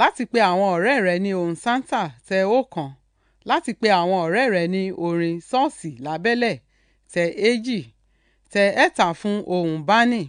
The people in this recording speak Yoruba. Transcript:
láti pe àwọn ọ̀rẹ́ rẹ ní ohùn sáńtà tẹ ọ̀kan láti pe àwọn ọ̀rẹ́ rẹ ní orin ṣọ́ọ̀ṣì lábẹ́lẹ̀ tẹ èjì tẹ ẹ̀ta fún ohùn báńì